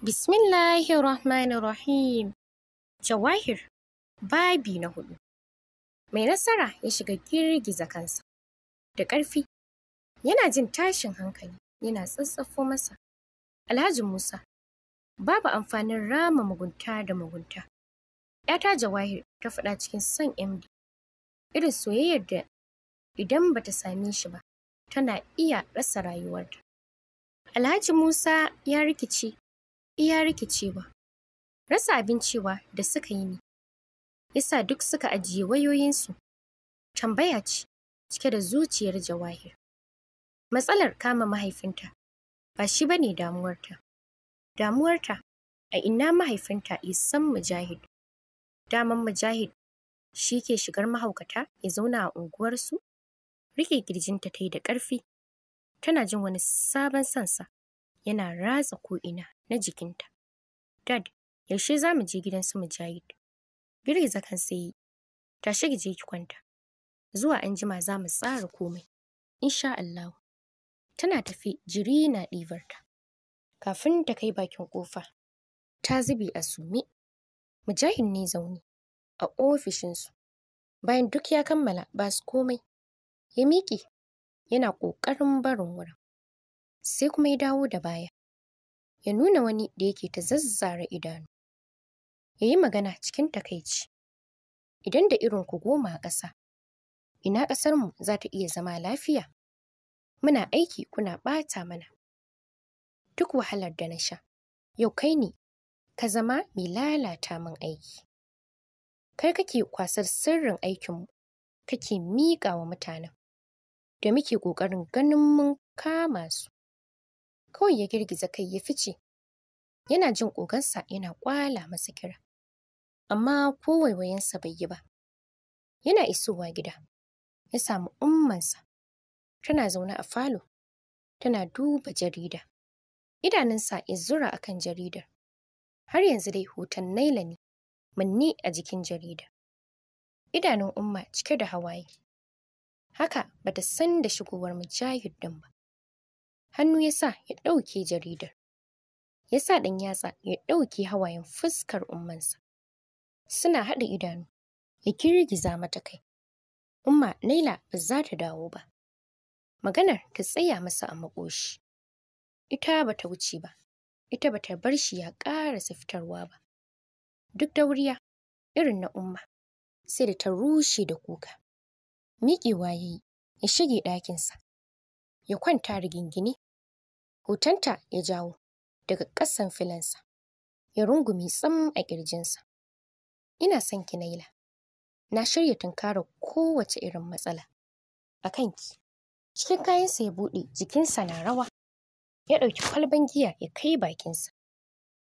Bismillahirrahmanirrahim. Jawahir, babi na hudu. Mai nasara ya shiga girgiza kansa da ƙarfi. Yana jin tashin hankali, yana tsatsafo masa. Alhaji Musa, babu amfanin rama mugunta da mugunta. ‘Yata Jawahir ta faɗa cikin son MD, irin soyayyar da idan ba ta same shi ba, tana iya rasa rayuwarta. Alhaji Musa ya rikici. iya rikicewa. Rasa abinciwa da suka yi ne, yasa duk suka ajiye wayoyinsu. Tambaya ce cike da zuciyar Jawahir. Matsalar kama mahaifinta ba shi ba ne damuwarta. Damuwarta a ina mahaifinta isan mujahid. Daman mujahid shi ke shigar mahaukata ya zauna a unguwarsu? Rike girjinta ta yi da ƙarfi. Tana jin wani sabon sansa yana ratsa ko'ina na jikinta. Dad, yaushe za mu je gidan su Mujahid? Girgiza kan sai yi. Tashi ki je ki kwanta. Zuwa anjima za mu tsara komai. Insha Allah. Tana tafi jiri na ɗibarta. Kafin ta kai bakin ƙofa, ta zubi a sumi Mujahid ne zaune a ofishinsu. Bayan duk ya kammala ba su komai. Ya miƙe yana ƙoƙarin barin wurin. Sai kuma ya dawo da baya. ya nuna wani da yake ta zazzara idanu. Ya yi magana cikin takaici. Idan da irin ku goma a ƙasa, ina ƙasarmu za ta iya zama lafiya? Muna aiki kuna ɓata mana. Duk wahalar da na sha, yau kai ne, ka zama mai lalata min aiki. Kai kake kwasar sirrin aikinmu, kake miƙa wa mutanen, da muke ƙoƙarin ganin mun kama su. kawai ya girgiza kai ya fice. Yana jin ƙogansa yana ƙwala masa kira. Amma ko waiwayensa bai yi ba. Yana isowa gida, ya samu ummansa. Tana zaune a falo, tana duba jarida. Idanunsa ya zura kan jaridar. Har yanzu dai hoton naila ne, manni a jikin jarida. Idanun umma cike da hawaye. Haka bata san da shigowar mujahid ba. hannu ya sa ya ɗauke jaridar. Ya sa ɗan yatsa ya ɗauke hawayen fuskar ummansa. Suna haɗa idanu, ya kirgiza mata kai. Umma Naila ba za ta dawo ba. Maganar ta tsaya masa a maƙoshi. Ita ba ta wuce ba, ita ba ta bar shi ya ƙarasa fitarwa ba. Duk da wuriya, irin na umma, sai da ta rushe da kuka. Miƙewa ya yi, ya shige ɗakinsa, ya kwanta rigingine. Hotonta ya jawo daga ƙasan filansa, ya rungumi tsam a ƙirjinsa. Ina son ki Naila, na shirya tunkarar kowace irin matsala. A kanki, cikin kayansa ya buɗe jikinsa na rawa, ya ɗauki kwalban giya ya kai bakinsa,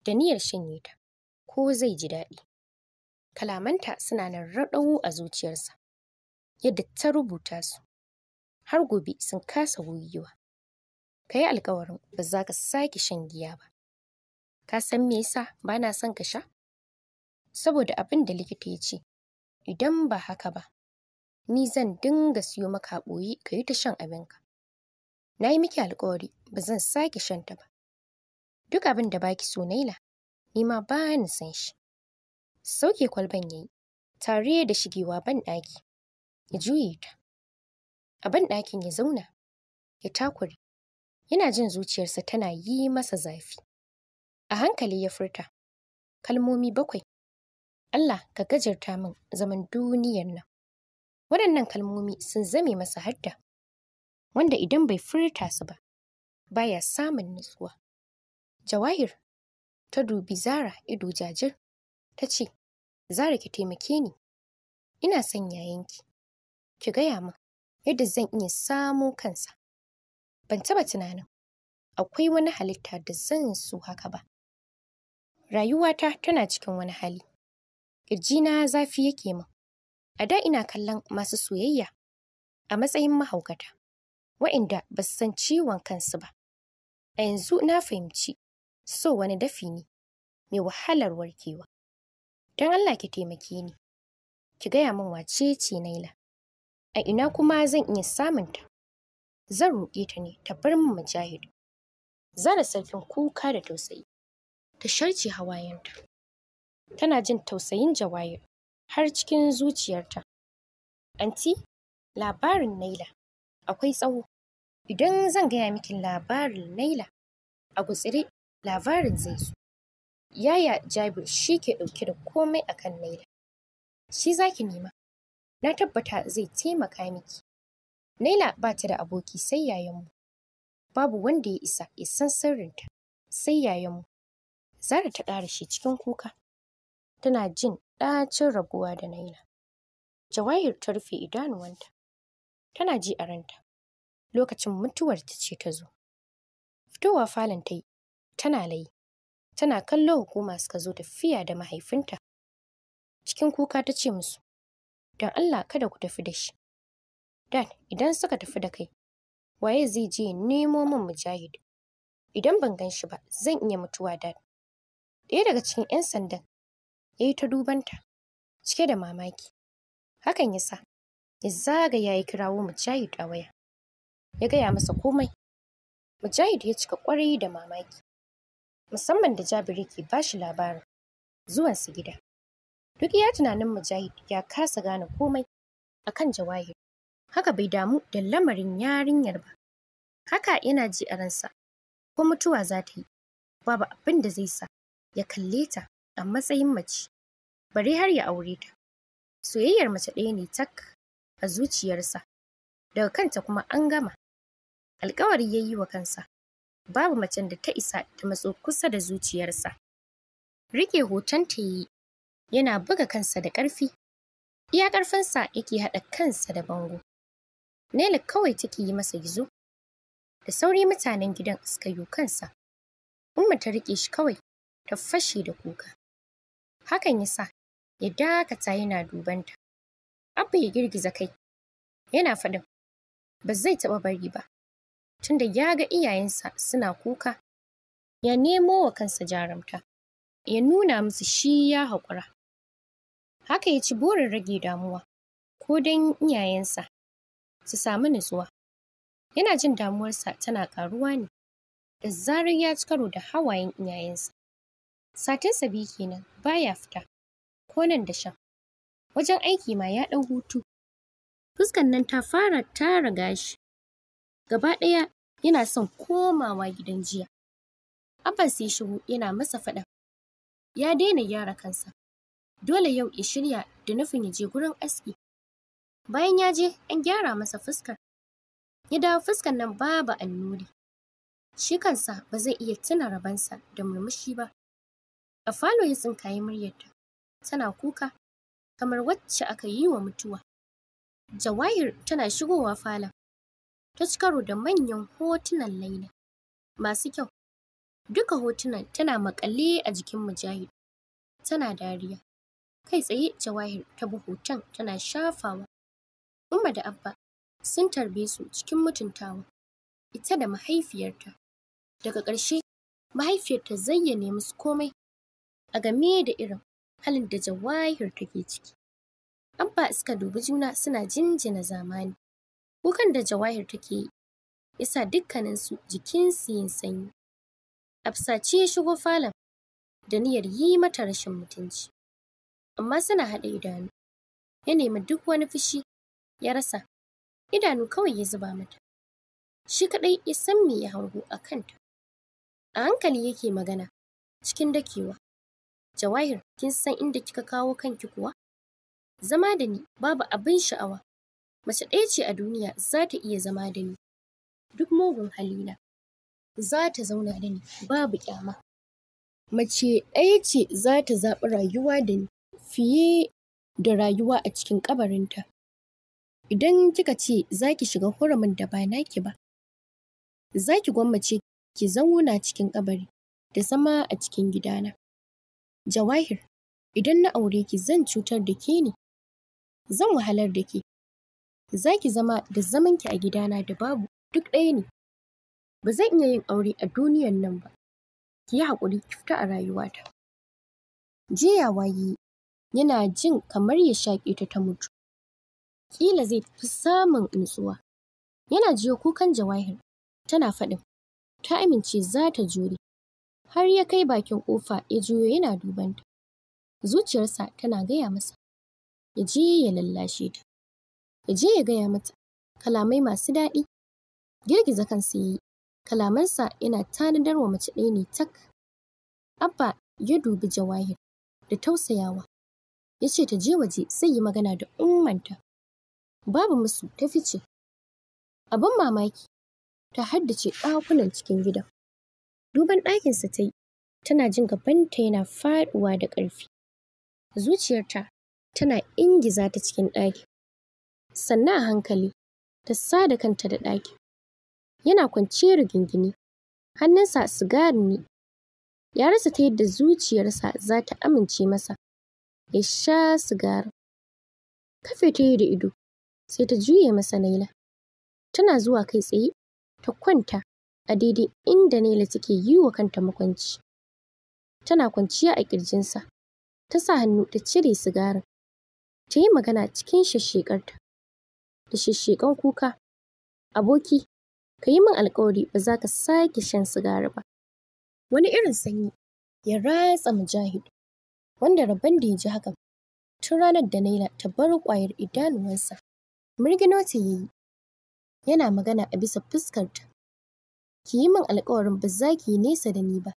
da niyyar shanye ta, ko zai ji daɗi. Kalamanta suna nan raɗau a zuciyarsa, yadda ta rubuta su. har gobe sun kasa gogewa. Ka yi alkawarin ba za ka sake shan giya ba. Ka san me yasa ba na son ka sha? Saboda abin da likita ya ce, idan ba haka ba, ni zan dinga siyo maka ɓoye ka yi ta shan abinka. Na yi miki alkawari ba zan sake shan ta ba. Duk abin da baki so naila, ni ma ba ni san shi. Sauke kwalban yayi, tare da shigewa ban ɗaki, ya juye ta. a banɗakin ya zauna ya takure yana jin zuciyarsa tana yi masa zafi a hankali ya furta kalmomi bakwai Allah ka gajarta min zaman duniyar nan waɗannan kalmomi sun zame masa hadda wanda idan bai furta su ba baya samun nutsuwa jawahir ta dubi zara ido jajir ta ce zara ki taimake ni ina son yayanki ki gaya min yadda zan iya samo kansa. Ban taɓa tunanin akwai wani halitta da zan so haka ba. Rayuwata tana cikin wani hali. Ƙirjina zafi yake min. A da ina kallon masu soyayya a matsayin mahaukata, wa'inda ba su san ciwon kansu ba. A yanzu na fahimci so wani dafi ne mai wahalar warkewa. Don Allah ki taimake ni, ki gaya min wace ce Naila. A ina kuma zan iya samun ta? Zan roƙe ta ne ta bar min Mujahid. Zara sarfin kuka da tausayi. Ta sharce hawayenta. Tana jin tausayin Jawahir har cikin zuciyarta. Anti, labarin Naila akwai tsawo. Idan zan gaya miki labarin Naila a gutsire labarin zai zo. Yaya Jabir shi ke ɗauke da komai akan Naila. Shi zaki nema. Na tabbata zai taimaka miki. Naila ba ta da aboki sai yayanmu. Babu wanda ya isa ya san sirrinta sai yayanmu. Zara ta ƙara shi cikin kuka. Tana jin ɗacin rabuwa da Naila. Jawahir ta rufe idanuwanta. Tana ji a ranta. Lokacin mutuwar ta ce ta zo. Fitowa falon ta yi, tana layi. Tana kallo hukuma suka zo tafiya da mahaifinta. Cikin kuka ta ce musu, don Allah kada ku tafi da shi. Dad, idan suka tafi da kai, waye zai je nemo min mujahid? Idan ban gan shi ba, zan iya mutuwa dad. Ɗaya daga cikin 'yan sandan ya yi ta dubanta, cike da mamaki. Hakan ya sa, ya zaga ya yi kirawo mujahid a waya. Ya gaya masa komai. Mujahid ya cika kwarai da mamaki, musamman da Jabiru ke ba shi labarin zuwansu gida. Duk ya tunanin Mujahid ya kasa gane komai akan Jawahir. Haka bai damu da lamarin yarinyar ba. Haka yana ji a ransa, ko mutuwa za ta yi, babu abin da zai sa ya kalle ta a matsayin mace, bari har ya aure ta. Soyayyar mace ɗaya ne tak a zuciyarsa, daga kanta kuma an gama. Alkawari ya yi wa kansa, babu macen da ta isa ta matso kusa da zuciyarsa. Rike hoton ta yi yana buga kansa da ƙarfi. Iya ƙarfinsa yake haɗa kansa da bango. Nelly kawai take yi masa gizo. Da sauri mutanen gidan suka yi kansa. Umma ta riƙe shi kawai ta fashe da kuka. Hakan ya sa ya dakata yana dubanta. Abba ya girgiza kai. Yana faɗin ba zai taɓa bari ba. Tunda ya ga iyayensa suna kuka, ya nemo wa kansa jarumta. ya nuna musu shi ya haƙura. Haka ya ci burin rage damuwa, ko don iyayensa su samu nutsuwa. Yana jin damuwarsa tana ƙaruwa ne, da zarar ya ci karo da hawayen iyayensa. Satinsa biyu kenan baya fita, ko nan da shan. Wajen aiki ma ya ɗau hutu. Fuskan nan ta fara tara gashi. Gaba ɗaya yana son komawa gidan jiya. Abbas ya shigo yana masa faɗa. Ya daina gyara kansa, Dole yau ya shirya da nufin ya je gurin aski. Bayan ya je, an gyara masa fuskar. Ya dawo fuskar nan babu annuri. Shi kansa ba zai iya tuna rabansa da murmushi ba. A falo ya tsinkaye muryarta, tana kuka, kamar wacce aka yi wa mutuwa. Jawahir tana shigowa falon. Ta ci karo da manyan hotunan Laila, masu kyau. Duka hotunan tana maƙale a jikin Mujahid, tana dariya. Kai tsaye Jawahir ta buhu can tana shafawa. Umma da Abba sun tarbe su cikin mutuntawa, ita da mahaifiyarta. Daga ƙarshe, mahaifiyarta zayyane musu komai a game da irin halin da Jawahir take ciki. Abba suka dubi juna suna jinjina zamani. Kukan da Jawahir take yi ya sa dukkaninsu jikinsu yin sanyi. Afsace ya shigo falon da niyyar yi mata rashin mutunci. amma suna haɗa idanu. Ya nemi duk wani fushi ya rasa, idanu kawai ya zuba mata. Shi kaɗai ya san me ya hango a kanta. A hankali yake magana, cikin dakewa. Jawahir, kin san inda kika kawo kanki kuwa? Zama da ni babu abin sha'awa. Mace ɗaya ce a duniya za ta iya zama da ni. Duk mugun halina. Za ta zauna da ni babu kyama. Mace ɗaya ce za ta zaɓi rayuwa da ni. fiye da rayuwa a cikin kabarinta. Idan kika ce za ki shiga huramin da ba naki ba, za ki gwammace ki zauna cikin kabari da zama a cikin gidana. Jawahir, idan na aure ki zan cutar da ke ne, zan wahalar da ke. Za ki zama da zaman ki a gidana da babu duk ɗaya ne. Ba zan iya yin aure a duniyan nan ba. Ki yi haƙuri ki fita a rayuwata. Jiya waye yana jin kamar ya shaƙe ta ta mutu. Ƙila zai fi samun nutsuwa. Yana jiyo kukan Jawahir tana faɗin, ta amince za ta jure. Har ya kai bakin ƙofa ya juyo yana dubanta. Zuciyarsa tana gaya masa, ya je ya lallashe ta. Ya je ya gaya mata kalamai masu daɗi. Girgiza kansa ya yi, kalamansa yana tanadar wa mace ɗaya ne tak. Abba ya dubi Jawahir da tausayawa ya ce ta je waje sai yi magana da ummanta. Babu musu ta fice. Abin mamaki, ta haddace ɗakunan cikin gidan. Duban ɗakinsa ta yi, tana jin gabanta yana faɗuwa da ƙarfi. Zuciyarta tana ingiza ta cikin ɗaki. Sannan a hankali, ta sada kanta da ɗaki. Yana kwance rigingine, hannunsa sigari ne. Ya rasa ta yadda zuciyarsa za ta amince masa. ya sha sigari. Kafe ta yi da ido, sai ta juye masa Naila. Tana zuwa kai tsaye, ta kwanta a daidai inda Naila take yi wa kanta makwanci. Tana kwanciya a ƙirjinsa, ta sa hannu ta cire sigarin. Ta yi magana cikin shashekarta. da shassheƙan kuka. Aboki, ka yi min alkawari ba za ka sake shan sigari ba. Wani irin sanyi ya ratsa Mujahid. wanda Rabban da ya ji hakan tun ranar da Naila ta bar ƙwayar idanuwansa. Mirgino ya yi yana magana a bisa fuskarta. Ki yi min alkawarin ba za ki yi nesa da ni ba.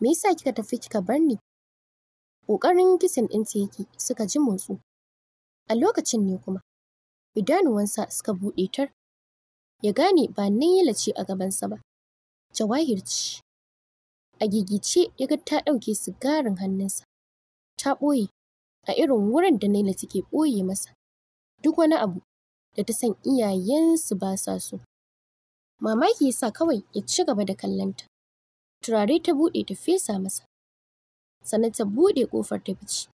Me yasa kika tafi kika bar ni? Ƙoƙarin kisan ɗinta yake suka ji motsi. A lokacin ne kuma, idanuwansa suka buɗe tar. Ya gane ba Naila ce a gabansa ba, Jawahir ce. A gigice ya ga ta ɗauke sigarin hannunsa. ta ɓoye a irin wurin da Naila take ɓoye masa duk wani abu da ta san iyayensu ba sa so. Mamaki ya sa kawai ya ci gaba da kallonta. Turare ta buɗe ta fesa masa. Sannan ta buɗe ƙofar ta fice.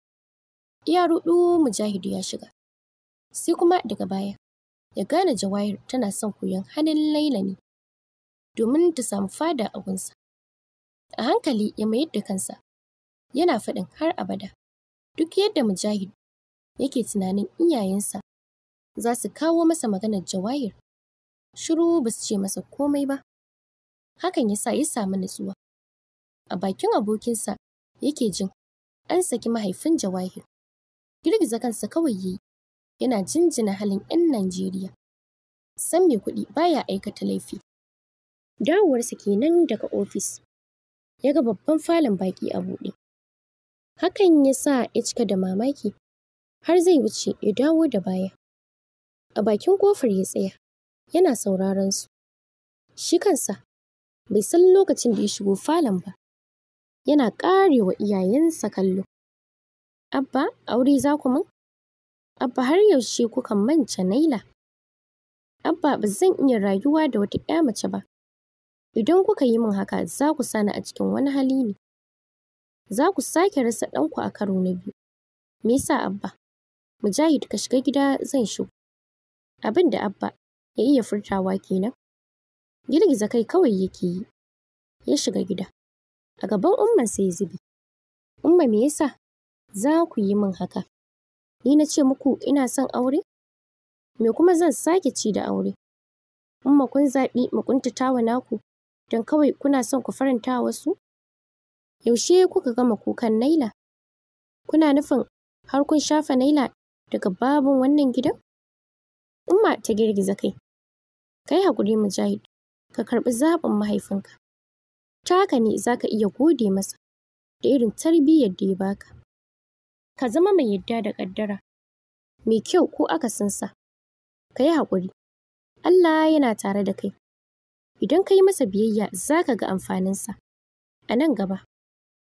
Iya ruɗu mujahidu ya shiga. Sai kuma daga baya ya gane Jawahir tana son koyon hannun Laila ne domin ta samu fada a gunsa. A hankali ya mayar da kansa yana faɗin har abada duk yadda mujahid yake tunanin iyayensa za su kawo masa maganar jawahir shiru ba su ce masa komai ba hakan ya sa ya samu nutsuwa a bakin abokinsa yake jin an saki mahaifin jawahir girgiza kansa kawai yi yana jinjina halin 'yan Najeriya san mai kuɗi baya aikata laifi dawowarsa kenan daga ofis ya ga babban falon baƙi a buɗe Hakan ya sa ya cika da mamaki har zai wuce ya dawo da baya. A bakin kofar ya tsaya, yana sauraron su. Shi kansa bai san lokacin da ya shigo falon ba. Yana ƙarewa iyayensa kallo. Abba, aure za ku min? Abba har yaushe kuka manta Naila? Abba ba zan iya rayuwa da wata ‘ya mace ba. Idan kuka yi min haka za ku sani a cikin wani hali ne. za ku sake rasa ɗanku a karo na biyu. Me yasa Abba? Mujahid ka shiga gida zan shigo. Abin da Abba ya iya furtawa kenan. Girgiza kai kawai yake yi. Ya shiga gida. A gaban Umman sai zubi. Umma me yasa za ku yi min haka? Ni na ce muku ina son aure? Me kuma zan sake ci da aure? Umma kun zaɓi mu kuntatawa naku don kawai kuna son ku faranta wasu? Yaushe kuka gama kukan Naila? Kuna nufin har kun shafa Naila daga babin wannan gidan? Umma ta girgiza kai. Kai hakuri Mujahid, ka karɓi zaɓin mahaifinka. Ta haka ne za ka iya gode masa da irin tarbiyyar da ya baka. Ka zama mai yadda da ƙaddara, mai kyau ko akasinsa. Ka yi haƙuri, Allah yana tare da kai. Idan ka yi masa biyayya za ka ga amfaninsa a nan gaba.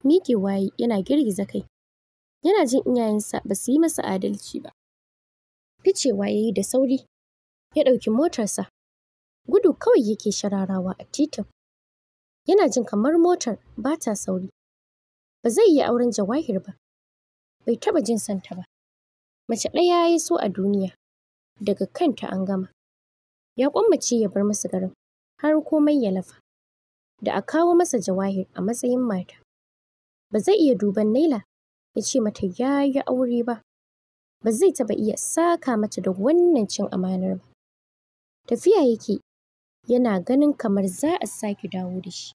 miƙewa waye yana girgiza kai. Yana jin iyayensa ba su yi masa adalci ba. Ficewa ya yi da sauri, ya ɗauki motarsa. Gudu kawai yake shararawa a titin. Yana jin kamar motar ba ta sauri. Ba zai yi auren jawahir ba. Bai taɓa jin santa ba. Mace ɗaya ya so a duniya. Daga kanta an gama. Ya ƙwammace ya bar masa garin, har komai ya lafa. Da a kawo masa jawahir a matsayin mata. ba zai iya duban Naila ya ce mata ya yi aure ba, ba zai taɓa iya saka mata da wannan cin amanar ba. Tafiya yake yana ganin kamar za a sake dawo da shi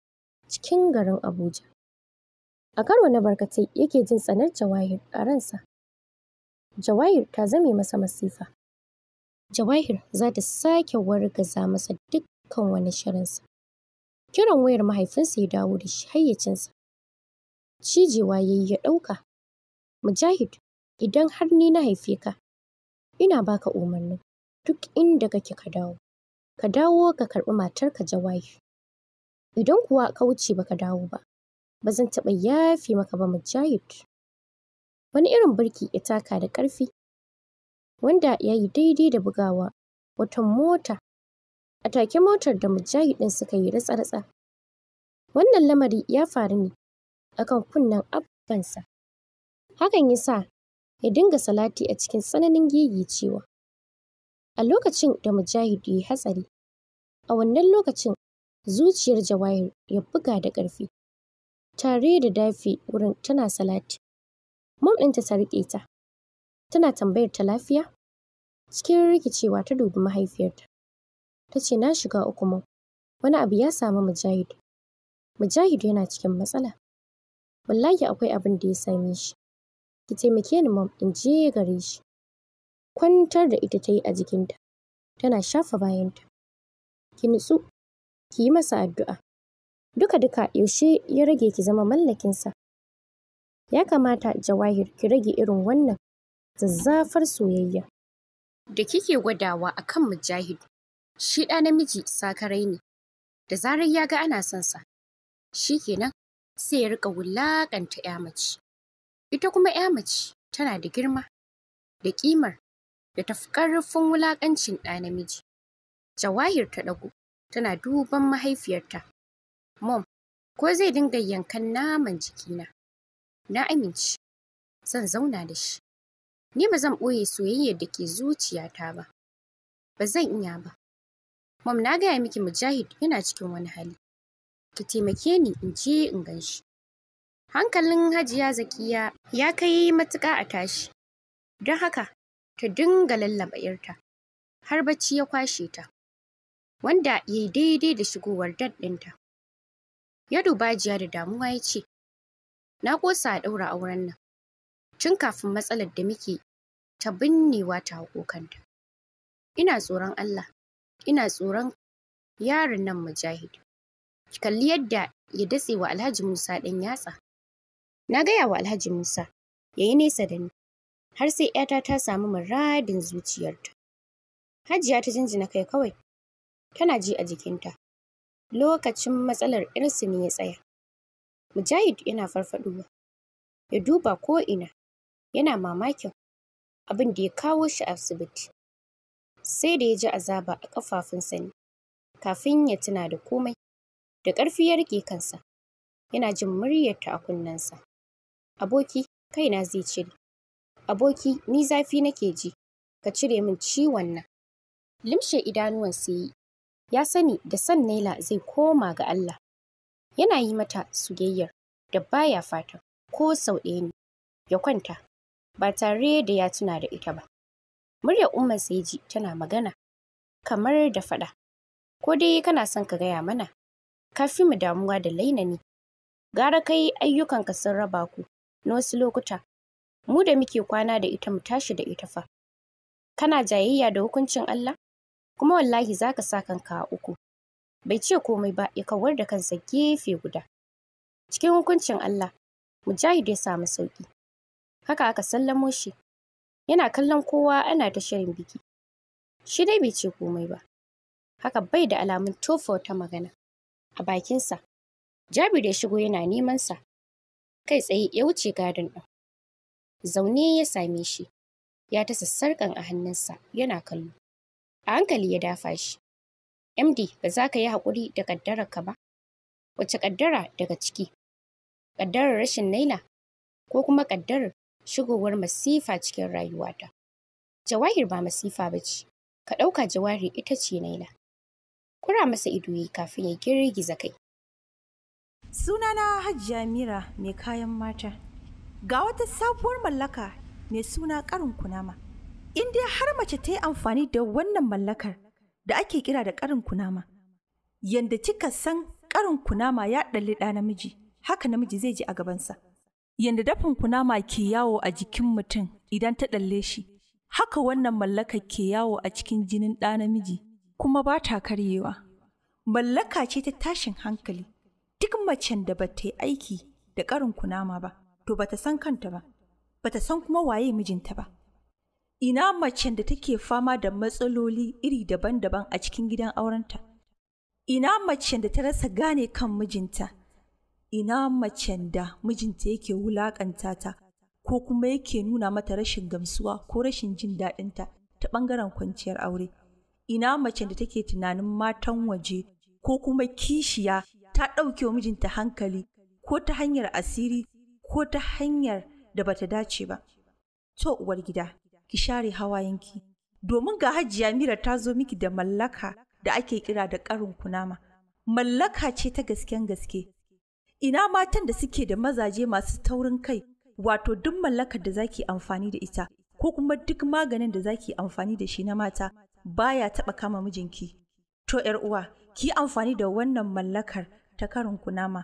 cikin garin Abuja. A karo na barkatai yake jin tsanar Jawahir a ransa. Jawahir ta zame masa masifa. Jawahir za ta sake wargaza masa dukkan wani shirinsa. Kiran wayar mahaifinsa ya dawo da shi hayyacinsa. Cijewa ya yi ya ɗauka. Mujahid, idan har ni na haife ka, ina baka umarni. duk inda kake ka dawo. Ka dawo ka karɓi matarka Jawahi. Idan kuwa ka wuce ka dawo ba, ba zan taɓa yafe maka ba Mujahid. Wani irin birki ya taka da ƙarfi, wanda ya yi daidai da bugawa wata mota. A take motar da Mujahid ɗin suka yi ratsa-ratsa. Wannan lamari ya faru ne akan kunnen abbansa. Hakan ya sa ya dinga salati a cikin tsananin gigicewa. A lokacin da Mujahid ya yi hatsari, a wannan lokacin zuciyar Jawahir ya buga da ƙarfi, tare da dafi wurin tana salati. mamɗinta ta riƙe ta, tana tambayar ta lafiya? Cikin rikicewa ta dubi mahaifiyarta. Ta ce na shiga uku wani abu ya samu Mujahid. Mujahid yana cikin matsala. wallahi akwai abin da ya same shi ki taimake ni mom in je gare shi kwantar da ita ta yi a jikinta tana shafa bayanta ki nutsu ki yi masa addu'a duka duka yaushe ya rage ki zama mallakinsa ya kamata jawahir ki rage irin wannan zazzafar soyayya da kike gwadawa akan mujahid shi ɗa namiji sakarai ne da zarar ya ga ana son sa kenan sai ya rika wulaƙanta ‘ya mace. Ita kuma ‘ya mace tana da girma da ƙimar da tafi ƙarfin wulaƙancin ɗa namiji. Jawahir ta ɗago tana duban mahaifiyarta. Mom, ko zai dinga yankan naman jikina? Na amince, zan zauna da shi. Ni ba zan ɓoye soyayyar da ke zuciyata ba. Ba zan iya ba. Mom, na gaya miki Mujahid yana cikin wani hali. ki taimake ni in je in gan shi. Hankalin Hajiya Zakiya ya kai matuƙa a tashi, don haka ta dinga lallaba ‘yarta har bacci ya kwashe ta, wanda ya yi daidai da shigowar daddinta. Ya duba jiya da damuwa ya ce, Na ƙosa a ɗaura auren nan, tun kafin matsalar da muke ta binnewa ta kanta. Ina tsoron Allah, ina tsoron yaron nan mujahid. ki kalli yadda ya datse wa Alhaji Musa ɗan yatsa. Na gaya wa Alhaji Musa, ya yi nesa da ni, har sai ‘yata ta samu muradin zuciyarta. Hajiya ta jinjina kai kawai, tana ji a jikinta. Lokacin matsalar ‘yarsu ne ya tsaya. Mujahid yana farfaɗowa, ya duba ko'ina, yana mamakin abin da ya kawo shi asibiti. Sai da ya ji azaba a ƙafafunsa ne, kafin ya tuna da komai. Da ƙarfi ya riƙe kansa, yana jin muryarta a kunnensa. Aboki, kaina zai cire. Aboki, ni zafi nake ji, ka cire min ciwon nan. Limshe idanuwan yi, ya sani da san Naila zai koma ga Allah. Yana yi mata soyayyar da baya fata ko sau ɗaya ne, ya kwanta ba tare da ya tuna da ita ba. Muryar Umman Saiji tana magana kamar da faɗa. Ko dai kana son ka gaya mana? ka fi mu damuwa da laina ne Gara kai ayyukanka sun raba ku na wasu lokuta. Mu da muke kwana da ita mu tashi da ita fa. Kana jayayya da hukuncin Allah? Kuma wallahi za ka sa kanka a uku. Bai ce komai ba ya kawar da kansa gefe guda. Cikin hukuncin Allah, mu ya samu sauƙi. Haka aka sallamo shi. Yana kallon kowa ana ta shirin biki. Shi dai bai ce komai ba. Haka bai da alamun tofa wata magana. a bakinsa. Jabir ya shigo yana neman sa. Kai tsaye ya wuce gadon ɗin. Zaune ya same shi. Ya ta sassarƙan a hannunsa yana kallo. A hankali ya dafa shi. MD ba za ka yi haƙuri da ƙaddararka ba? Wace ƙaddara daga ciki? Ƙaddarar rashin naila? Ko kuma ƙaddarar shigowar masifa cikin rayuwata? Jawahir ba masifa ba ce. Ka ɗauka jawahir ita ce naila. kura masa ido yi kafin ya girgiza kai. Sunana Hajiya Mira mai kayan mata. Ga wata sabuwar mallaka mai suna karin kunama. In dai har mace ta yi amfani da wannan mallakar da ake kira da karin kunama. Yanda kika san karin kunama ya ɗalli ɗa namiji, haka namiji zai ji a gabansa. Yanda dafin kunama ke yawo a jikin mutum idan ta ɗalle shi, haka wannan mallakar ke yawo a cikin jinin ɗa namiji kuma ba ta karyewa. Mallaka ce ta tashin hankali, duk macen da ba ta yi aiki da ƙarin kunama ba, to ba ta san kanta ba, ba ta san kuma waye mijinta ba. Ina macen da take fama da matsaloli iri daban-daban a cikin gidan aurenta? Ina macen da ta rasa gane kan mijinta? Ina macen da mijinta yake wulaƙanta ta ko kuma yake nuna mata rashin gamsuwa ko rashin jin daɗinta ta ɓangaren kwanciyar aure? ina mace da take tunanin matan waje ko kuma kishiya ta ɗauke wa mijinta hankali ko ta hanyar asiri ko ta hanyar da bata dace ba. To uwar gida, ki share hawayenki. Domin ga hajiya mira ta zo miki da mallaka da ake kira da karin kunama. Mallaka ce ta gasken gaske. Ina matan da suke da mazaje masu taurin kai, wato duk mallakar da zaki amfani da ita, ko kuma duk maganin da zaki amfani da shi na mata, baya taɓa kama mijinki. To ‘yar uwa, ki amfani da wannan mallakar ta karin kunama.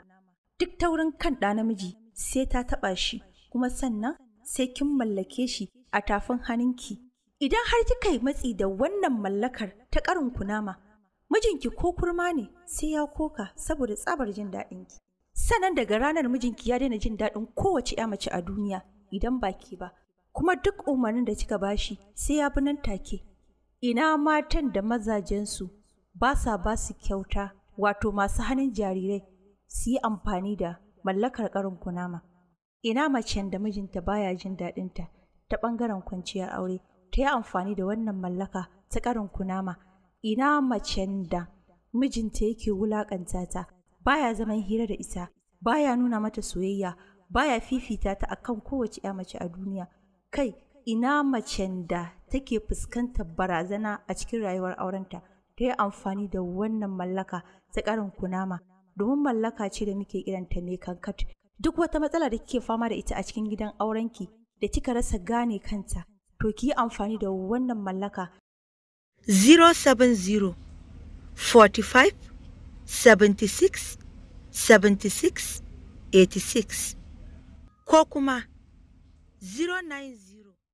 Duk taurin kan ɗa namiji sai ta taɓa shi, kuma sannan sai kin mallake shi a tafin haninki. Idan har kika yi matsi da wannan mallakar ta karin kunama, mijinki ko kurma ne sai ya koka saboda tsabar jin daɗin ki. Sannan daga ranar mijinki ya daina jin daɗin kowace ya mace a duniya idan baki ba, kuma duk umarnin da kika bashi sai ya bi nan take. ina matan da mazajensu ba sa ba su kyauta wato masu hannun jarirai su yi amfani da mallakar karin kunama ina macen da mijinta baya jin daɗinta ta ɓangaren kwanciyar aure ta yi amfani da wannan mallaka ta karin kunama ina macen da mijinta yake wulaƙanta ta baya zaman hira da ita baya nuna mata soyayya baya fifita ta akan kowace ya mace a duniya kai ina macen da take fuskantar barazana a cikin rayuwar aurenta ta yi amfani da wannan mallaka ta karin kunama domin mallaka ce da muke kiranta ne kankat duk wata matsala da kike fama da ita a cikin gidan aurenki da kika rasa gane kanta to ki yi amfani da wannan mallaka 070 45 76 76 86 ko kuma 090